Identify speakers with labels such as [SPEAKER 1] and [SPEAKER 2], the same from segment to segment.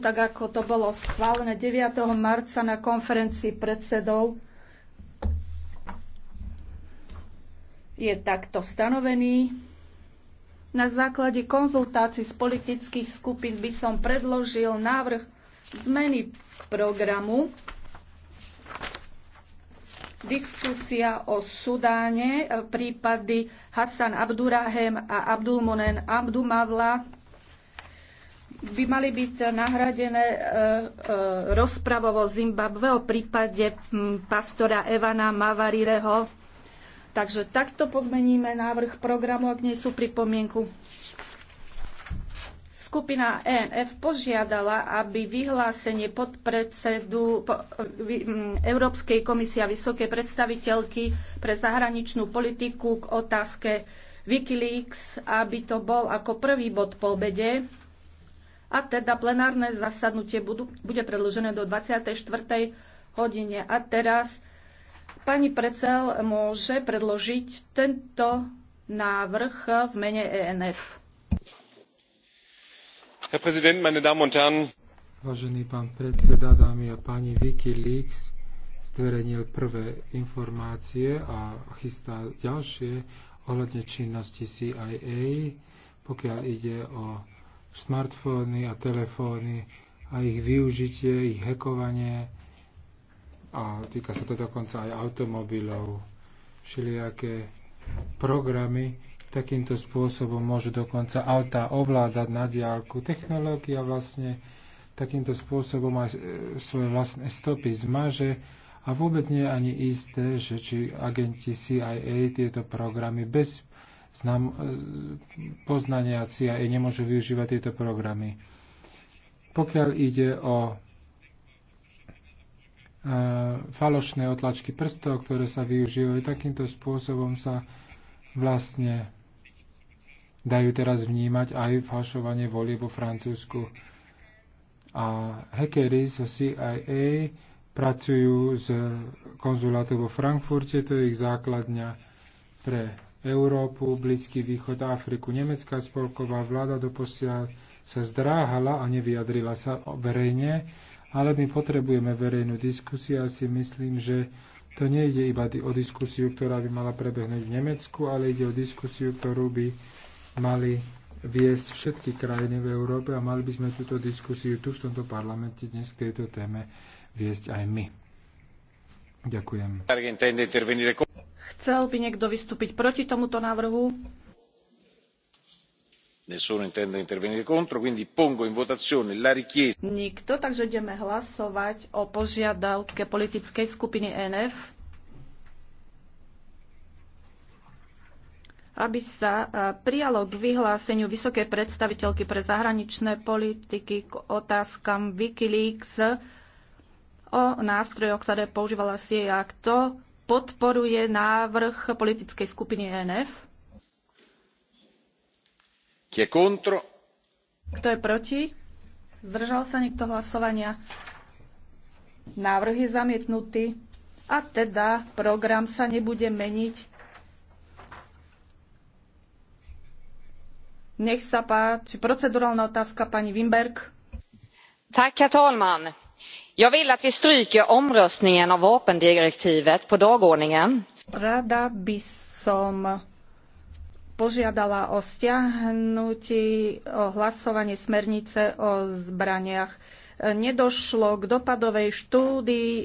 [SPEAKER 1] tak ako to bolo schválené 9. marca na konferencii predsedov, je takto stanovený. Na základe konzultácií z politických skupín by som predložil návrh zmeny programu diskusia o Sudáne, prípady Hassan Abdurahem a Abdulmonen Abdumavla by mali byť nahradené e, e, o Zimbabve o prípade pastora Evana Mavarireho. Takže takto pozmeníme návrh programu, ak nie sú pripomienku. Skupina ENF požiadala, aby vyhlásenie podpredsedu Európskej komisie a vysokej predstaviteľky pre zahraničnú politiku k otázke Wikileaks, aby to bol ako prvý bod po obede a teda plenárne zasadnutie budú, bude predĺžené do 24. hodine. A teraz pani predsel môže predložiť tento návrh v mene ENF.
[SPEAKER 2] Herr Präsident, meine Damen und Herren. Vážený pán predseda, dámy a páni, Wikileaks zverejnil prvé informácie a chystá ďalšie ohľadne činnosti CIA, pokiaľ ide o smartfóny a telefóny a ich využitie, ich hekovanie a týka sa to dokonca aj automobilov, všelijaké programy, takýmto spôsobom môžu dokonca autá ovládať na diálku. Technológia vlastne takýmto spôsobom aj e, svoje vlastné stopy zmaže a vôbec nie je ani isté, že či agenti CIA tieto programy bez znam, e, poznania CIA nemôže využívať tieto programy. Pokiaľ ide o e, falošné otlačky prstov, ktoré sa využívajú. Takýmto spôsobom sa vlastne dajú teraz vnímať aj falšovanie volie vo Francúzsku. A hackeri zo CIA pracujú z konzulátu vo Frankfurte, to je ich základňa pre Európu, Blízky východ, Afriku. Nemecká spolková vláda doposiaľ sa zdráhala a nevyjadrila sa verejne, ale my potrebujeme verejnú diskusiu a si myslím, že to nejde iba o diskusiu, ktorá by mala prebehnúť v Nemecku, ale ide o diskusiu, ktorú by mali viesť všetky krajiny v Európe a mali by sme túto diskusiu tu v tomto parlamente dnes k tejto téme viesť aj my. Ďakujem.
[SPEAKER 1] Chcel by niekto vystúpiť proti tomuto návrhu? Nikto, takže ideme hlasovať o požiadavke politickej skupiny NF, aby sa e, prijalo k vyhláseniu vysokej predstaviteľky pre zahraničné politiky k otázkam Wikileaks o nástrojoch, ktoré používala CIA. Kto podporuje návrh politickej skupiny ENF? Kto je proti? Zdržal sa niekto hlasovania? Návrh je zamietnutý a teda program sa nebude meniť. Nech sa páči. Procedurálna otázka pani Wimberg. Tak, ja jag vill att vi stryker omröstningen vapendirektivet på dagordningen. Rada by som požiadala o stiahnutí, o hlasovanie smernice o zbraniach. Nedošlo k dopadovej štúdii e,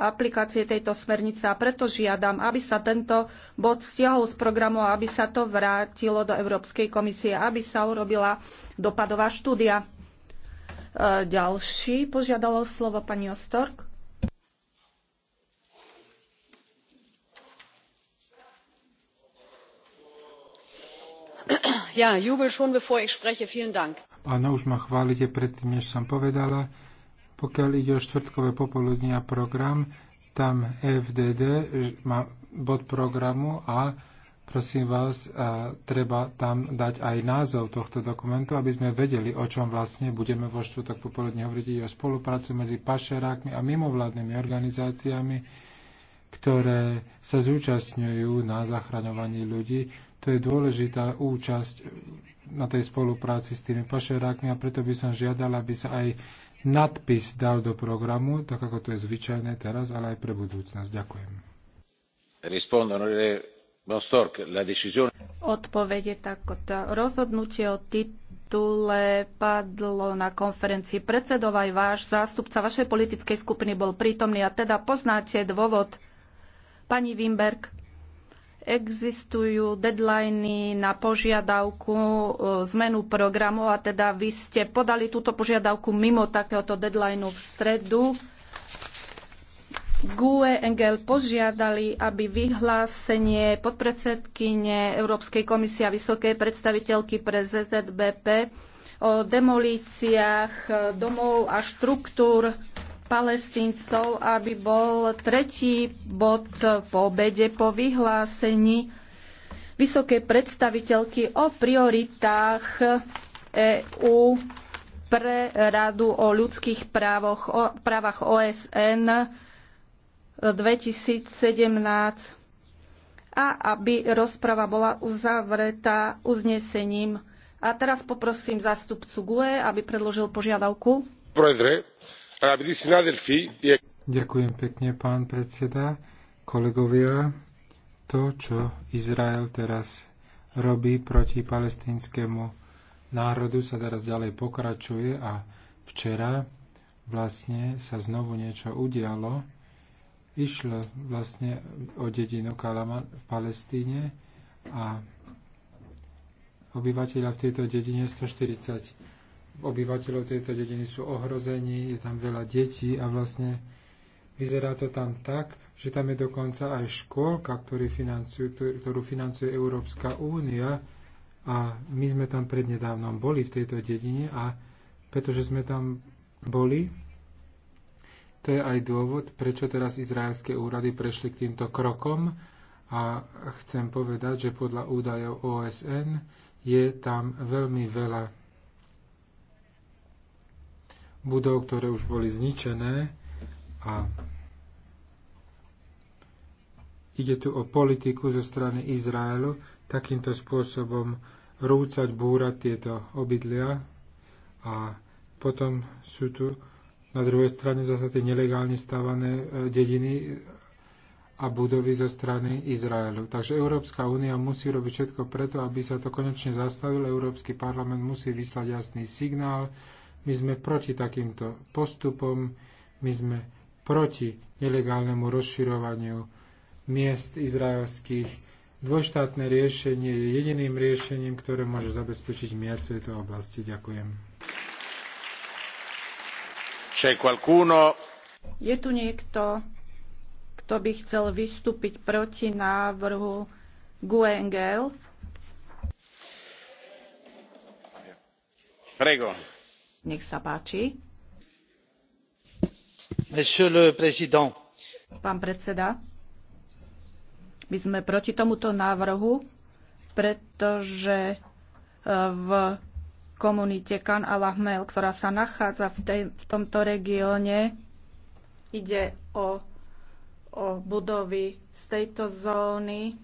[SPEAKER 1] aplikácie tejto smernice a preto žiadam, aby sa tento bod stiahol z programu a aby sa to vrátilo do Európskej komisie, aby sa urobila dopadová štúdia. E, ďalší požiadal o slovo pani Ostork. Ja, jubel schon, bevor ich spreche. Vielen Dank.
[SPEAKER 2] Áno, už ma chválite predtým, než som povedala. Pokiaľ ide o štvrtkové popoludnia program, tam FDD má bod programu a Prosím vás, treba tam dať aj názov tohto dokumentu, aby sme vedeli, o čom vlastne budeme vo štvrtok popoludne hovoriť o spolupráci medzi pašerákmi a mimovládnymi organizáciami, ktoré sa zúčastňujú na zachraňovaní ľudí. To je dôležitá účasť na tej spolupráci s tými pašerákmi a preto by som žiadala, aby sa aj nadpis dal do programu, tak ako to je zvyčajné teraz, ale aj pre budúcnosť. Ďakujem.
[SPEAKER 3] Respondo, No,
[SPEAKER 2] Odpovede
[SPEAKER 1] takto. Rozhodnutie o titule padlo na konferencii predsedov aj váš zástupca vašej politickej skupiny bol prítomný a teda poznáte dôvod. Pani Wimberg, existujú deadliny na požiadavku e, zmenu programu a teda vy ste podali túto požiadavku mimo takéhoto deadlineu v stredu. GUE Engel požiadali, aby vyhlásenie podpredsedkyne Európskej komisie a vysokej predstaviteľky pre ZZBP o demolíciách domov a štruktúr palestíncov, aby bol tretí bod po obede po vyhlásení vysokej predstaviteľky o prioritách EÚ pre Radu o ľudských právoch, o právach OSN 2017 a aby rozprava bola uzavretá uznesením. A teraz poprosím zástupcu GUE, aby predložil požiadavku.
[SPEAKER 2] Ďakujem pekne, pán predseda. Kolegovia, to, čo Izrael teraz robí proti palestinskému národu, sa teraz ďalej pokračuje a včera vlastne sa znovu niečo udialo Išlo vlastne o dedinu Kalaman v Palestíne a obyvateľa v tejto dedine 140 obyvateľov tejto dediny sú ohrození, je tam veľa detí a vlastne vyzerá to tam tak, že tam je dokonca aj škôlka, ktorý financuje, ktorú financuje Európska únia a my sme tam prednedávnom boli v tejto dedine a pretože sme tam boli, to je aj dôvod, prečo teraz izraelské úrady prešli k týmto krokom a chcem povedať, že podľa údajov OSN je tam veľmi veľa budov, ktoré už boli zničené a ide tu o politiku zo strany Izraelu takýmto spôsobom rúcať, búrať tieto obydlia a potom sú tu na druhej strane zase tie nelegálne stávané e, dediny a budovy zo strany Izraelu. Takže Európska únia musí robiť všetko preto, aby sa to konečne zastavilo. Európsky parlament musí vyslať jasný signál. My sme proti takýmto postupom, my sme proti nelegálnemu rozširovaniu miest izraelských. Dvojštátne riešenie je jediným riešením, ktoré môže zabezpečiť mier v tejto oblasti. Ďakujem.
[SPEAKER 1] Je tu niekto, kto by chcel vystúpiť proti návrhu Guengel? Prego. Nech sa páči. Monsieur le président. Pán predseda, my sme proti tomuto návrhu, pretože eh, v komunite Kan al ktorá sa nachádza v, tej, v tomto regióne. Ide o, o budovy z tejto zóny.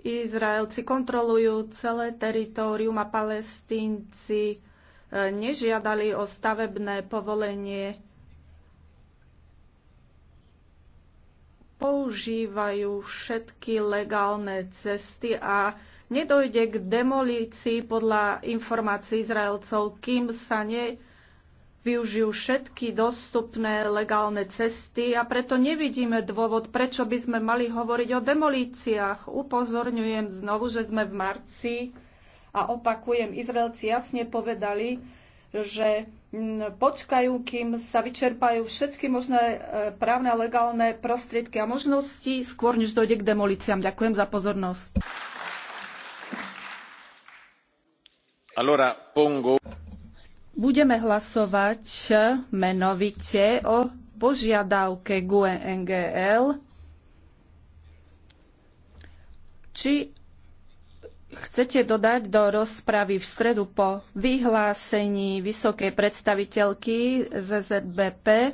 [SPEAKER 1] Izraelci kontrolujú celé teritorium a palestínci e, nežiadali o stavebné povolenie používajú všetky legálne cesty a nedojde k demolícii podľa informácií Izraelcov, kým sa ne využijú všetky dostupné legálne cesty a preto nevidíme dôvod, prečo by sme mali hovoriť o demolíciách. Upozorňujem znovu, že sme v marci a opakujem, Izraelci jasne povedali, že počkajú, kým sa vyčerpajú všetky možné e, právne a legálne prostriedky a možnosti, skôr než dojde k demoliciám. Ďakujem za pozornosť.
[SPEAKER 3] Allora, pongo...
[SPEAKER 1] Budeme hlasovať menovite o požiadavke GUE NGL či chcete dodať do rozpravy v stredu po vyhlásení vysokej predstaviteľky ZZBP?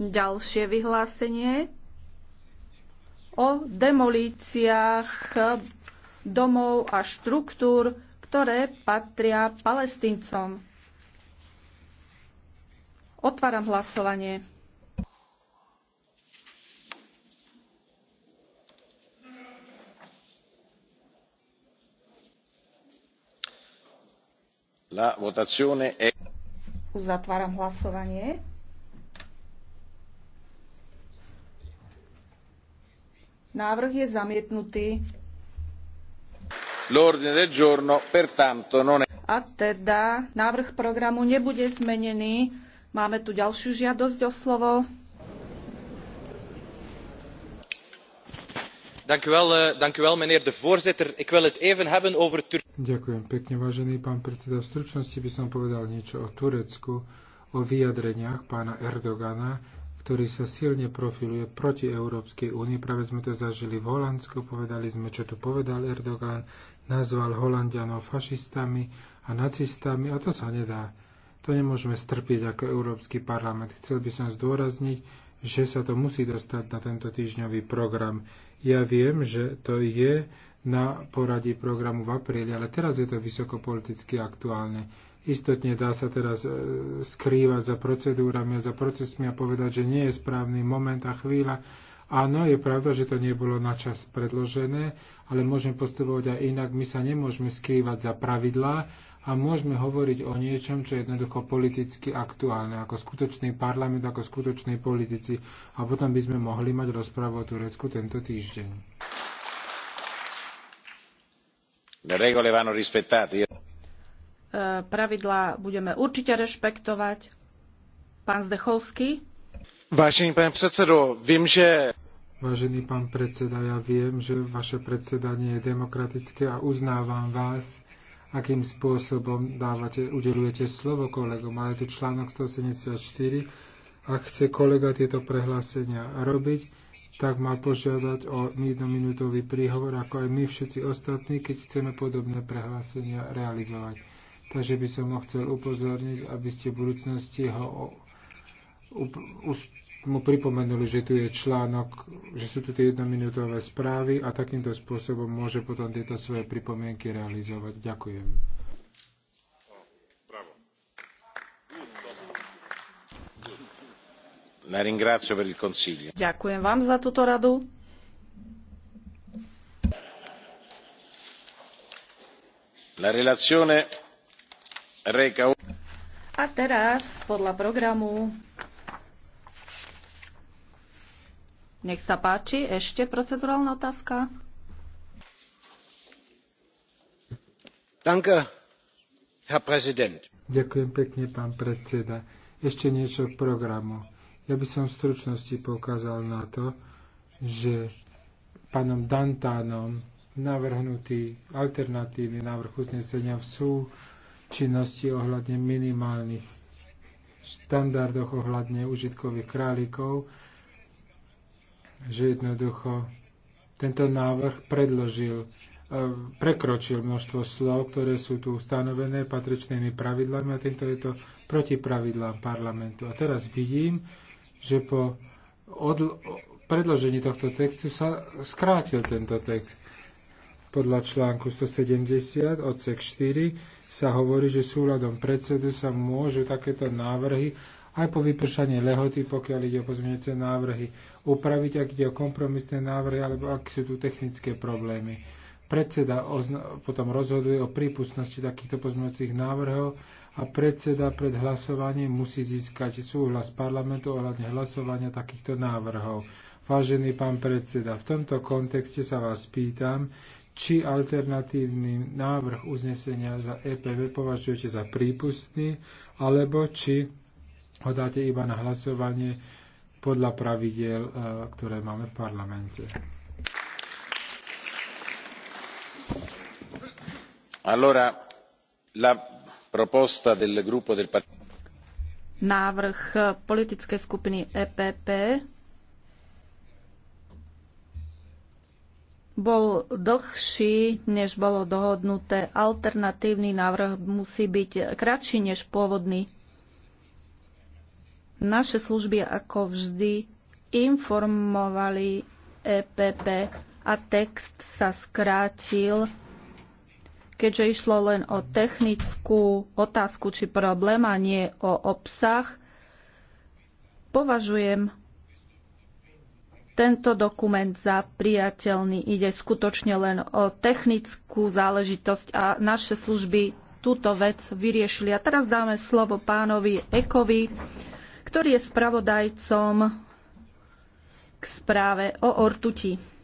[SPEAKER 1] Ďalšie vyhlásenie o demolíciách domov a štruktúr, ktoré patria palestíncom. Otváram hlasovanie. Uzatváram hlasovanie. Návrh je zamietnutý. A teda návrh programu nebude zmenený. Máme tu ďalšiu žiadosť o
[SPEAKER 2] slovo. Eh, Ďakujem pekne, vážený pán predseda. V stručnosti by som povedal niečo o Turecku, o vyjadreniach pána Erdogana, ktorý sa silne profiluje proti Európskej únii. Práve sme to zažili v Holandsku, povedali sme, čo tu povedal Erdogan, nazval Holandianov fašistami a nacistami a to sa nedá. To nemôžeme strpieť ako Európsky parlament. Chcel by som zdôrazniť, že sa to musí dostať na tento týždňový program. Ja viem, že to je na poradí programu v apríli, ale teraz je to vysokopoliticky aktuálne. Istotne dá sa teraz e, skrývať za procedúrami a za procesmi a povedať, že nie je správny moment a chvíľa. Áno, je pravda, že to nebolo na čas predložené, ale môžem postupovať aj inak. My sa nemôžeme skrývať za pravidlá, a môžeme hovoriť o niečom, čo je jednoducho politicky aktuálne, ako skutočný parlament, ako skutočnej politici a potom by sme mohli mať rozprávu o Turecku tento týždeň.
[SPEAKER 3] E,
[SPEAKER 1] pravidlá budeme určite rešpektovať. Pán Zdechovský.
[SPEAKER 2] Vážený pán predsedo, viem, že Vážený pán predseda, ja viem, že vaše predsedanie je demokratické a uznávam vás akým spôsobom dávate, udelujete slovo kolegom. Ale tu článok 174. Ak chce kolega tieto prehlásenia robiť, tak má požiadať o jednominútový príhovor, ako aj my všetci ostatní, keď chceme podobné prehlásenia realizovať. Takže by som ho chcel upozorniť, aby ste v budúcnosti ho mu pripomenuli, že tu je článok, že sú tu tie jednominútové správy a takýmto spôsobom môže potom tieto svoje pripomienky realizovať. Ďakujem.
[SPEAKER 1] Ďakujem vám za túto radu. A teraz podľa programu Nech sa páči, ešte procedurálna otázka.
[SPEAKER 3] Danke, Herr Präsident.
[SPEAKER 2] Ďakujem pekne, pán predseda. Ešte niečo k programu. Ja by som v stručnosti poukázal na to, že pánom Dantánom navrhnutý alternatívny návrh uznesenia v súčinnosti ohľadne minimálnych štandardoch ohľadne užitkových králikov že jednoducho tento návrh predložil, e, prekročil množstvo slov, ktoré sú tu ustanovené patričnými pravidlami a týmto je to proti pravidlám parlamentu. A teraz vidím, že po odl- predložení tohto textu sa skrátil tento text. Podľa článku 170 odsek 4 sa hovorí, že súľadom predsedu sa môžu takéto návrhy aj po vypršaní lehoty, pokiaľ ide o pozmeňujúce návrhy, upraviť, ak ide o kompromisné návrhy, alebo ak sú tu technické problémy. Predseda potom rozhoduje o prípustnosti takýchto pozmeňujúcich návrhov a predseda pred hlasovaním musí získať súhlas parlamentu ohľadne hlasovania takýchto návrhov. Vážený pán predseda, v tomto kontexte sa vás pýtam, či alternatívny návrh uznesenia za EPV považujete za prípustný, alebo či ho dáte iba na hlasovanie podľa pravidiel, eh, ktoré máme v parlamente.
[SPEAKER 3] Allora, la proposta del gruppo del
[SPEAKER 1] Návrh eh, politické skupiny EPP bol dlhší, než bolo dohodnuté. Alternatívny návrh musí byť kratší než pôvodný. Naše služby ako vždy informovali EPP a text sa skrátil, keďže išlo len o technickú otázku či problém a nie o obsah. Považujem tento dokument za priateľný. Ide skutočne len o technickú záležitosť a naše služby túto vec vyriešili. A teraz dáme slovo pánovi Ekovi ktorý je spravodajcom k správe o ortuti.